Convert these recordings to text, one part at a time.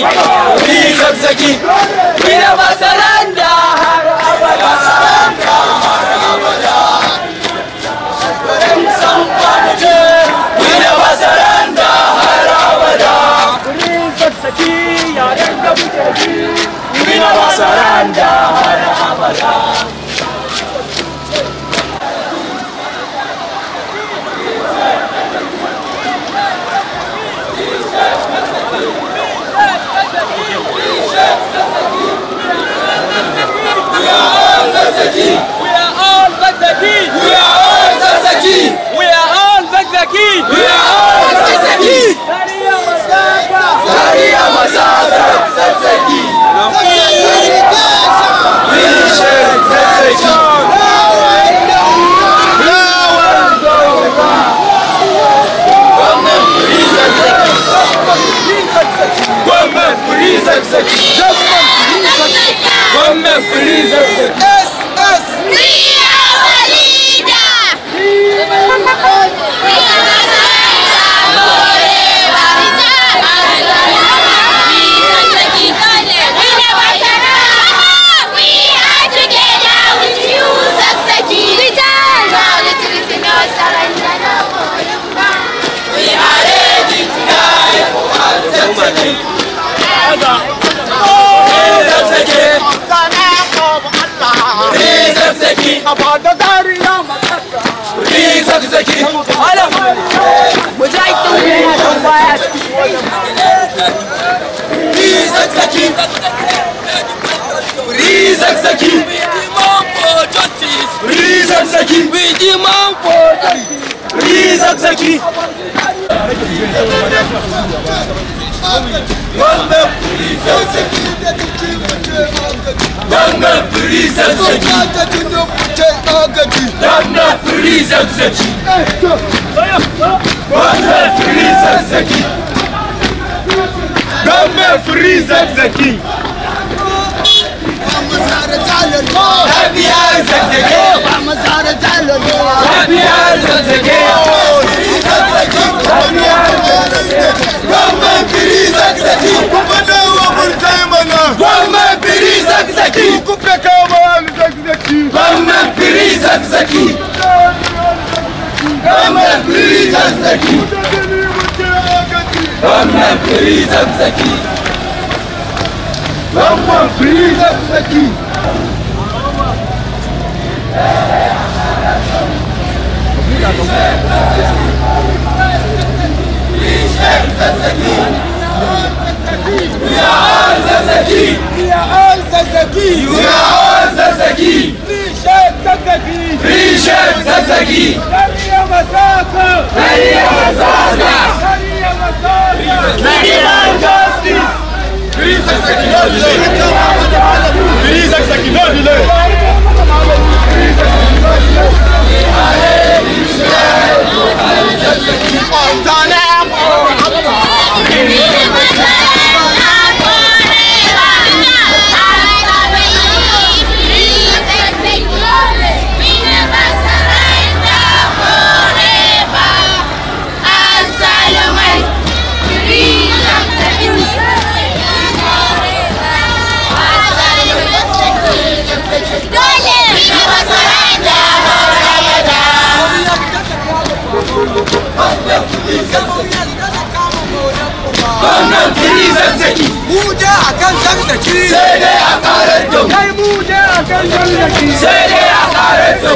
kai ni zazzaki ina har abada saranda har abada Kurin san ina masaranda har abada Kurin zazzaki yaren da muke ji har abada come Judgment! Judgment! isso aqui. Olha, vem rapaz. Brisa isso aqui. Brisa isso aqui. Brisa isso aqui. Brisa isso aqui. Brisa isso aqui. Danna Freeza Zachi Danna Freeza Zachi Danna Freeza Zachi Danna Freeza Zachi أبي أرزق زكي أبي أرزق زكي Gwamnan biri zaki-zaki ku faɗa wa murtai mana. Gwamnan biri zaki Miyagi! Daria Masaka! Daria Masaka! Daria Masaka! Daria Justice! Please, Sakino Delay! Please, Sakino Delay!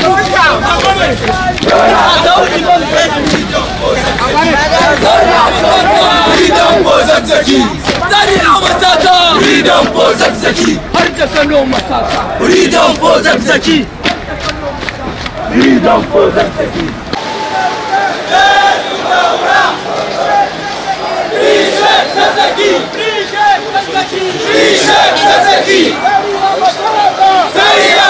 Freedom for Zakzaki! Zari'a matata! Freedom for Zakzaki! Har da Kano matata! Freedom for Zakzaki! Freedom for Zakzaki! Zakzaki! Zakzaki! Zakzaki! Zakzaki! Zakzaki! Zakzaki!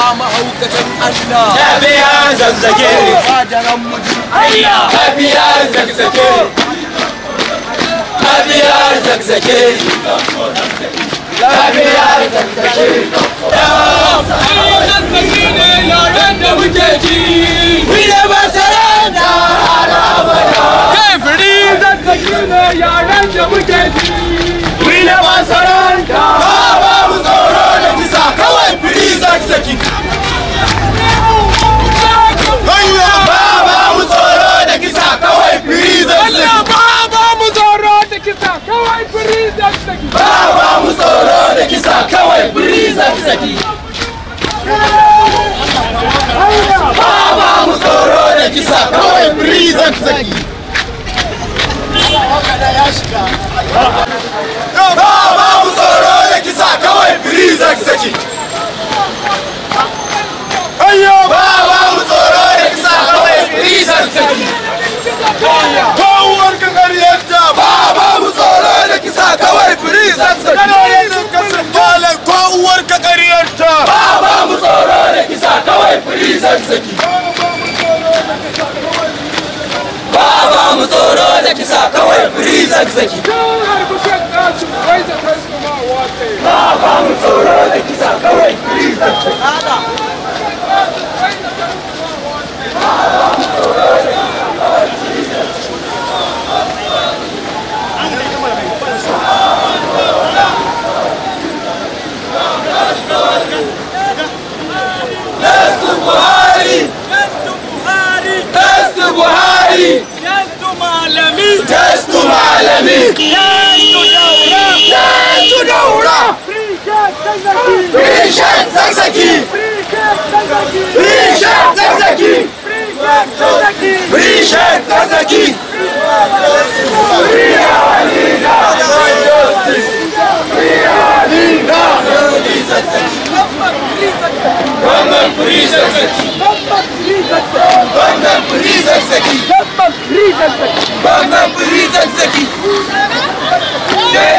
ba mahaukacin Allah ka biya zazzage kadaran mutum Allah ka biya zazzage ka biya zazzage ka biya zazzage zazzage ne yaran da muke ji wile ba saranda alabada kafiri zazzage ne yaran da muke ji wile ba saranda Bırak sakin. Hanya ba mu tsoro da kisa kawai prison saki. Ba mu tsoro kisa kawai prison saki. Ba mu tsoro kisa kawai prison saki. Ba mu tsoro kisa kawai prison saki. Ba mu tsoro kisa kawai brisa Koyo! Ba ba mu tsoro kisa kawai filisar take. Ba ba da kisa kawai filisar take. Malam kowar ka karyarta. Ba ba mu tsoro da kisa kawai Bana Prisa Zeki! Bana Prisa Zeki! Bana Prisa Zeki! Jai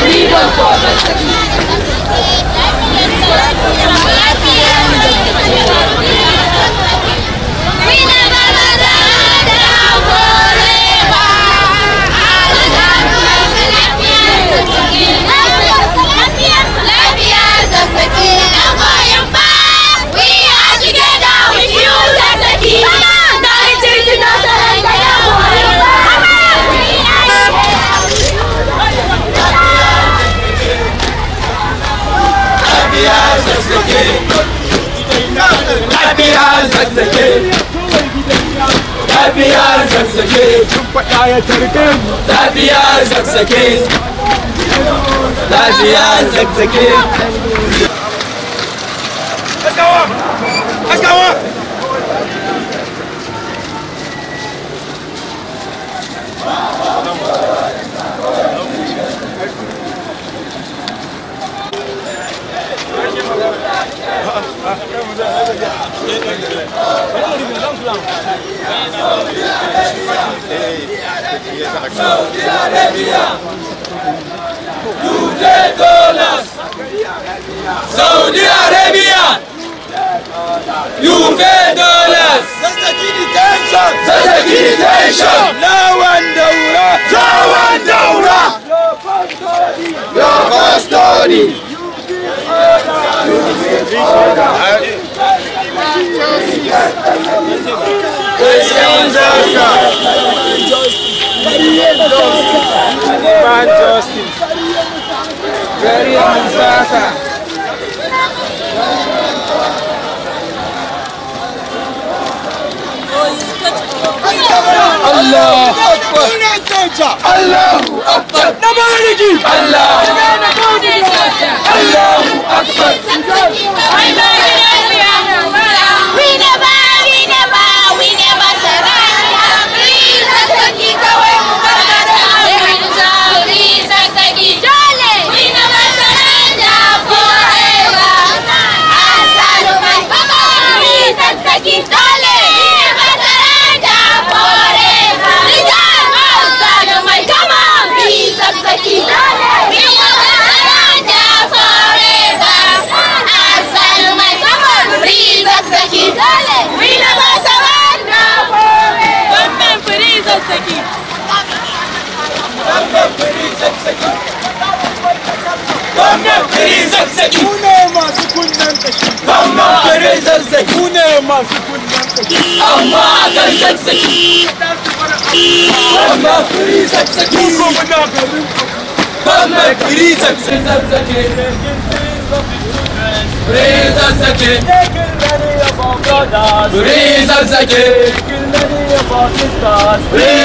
Freedom for the Let's go! ya tarbe mu Saudi Arabia. Today dollars. Saudi Arabia. UK dollars. Satakini tension. Satakini tension. Lawan daura. Lawan daura. Your custody. Your custody. Demand justice. Very Musaka. Allah Allah, Allah Allah, Allah, Allah Allah Allah, Damna kırı zek zek. Bu ne ma sukundan kaşı. Damna kırı zek zek. Bu ne ma sukundan kaşı. Amma akar zek zek. Damna kırı zek zek. Bu komuna benim Damna kırı zek zek. Zek zek. Kırı zek zek. Kırı zek zek. Kırı zek zek. Kırı zek zek.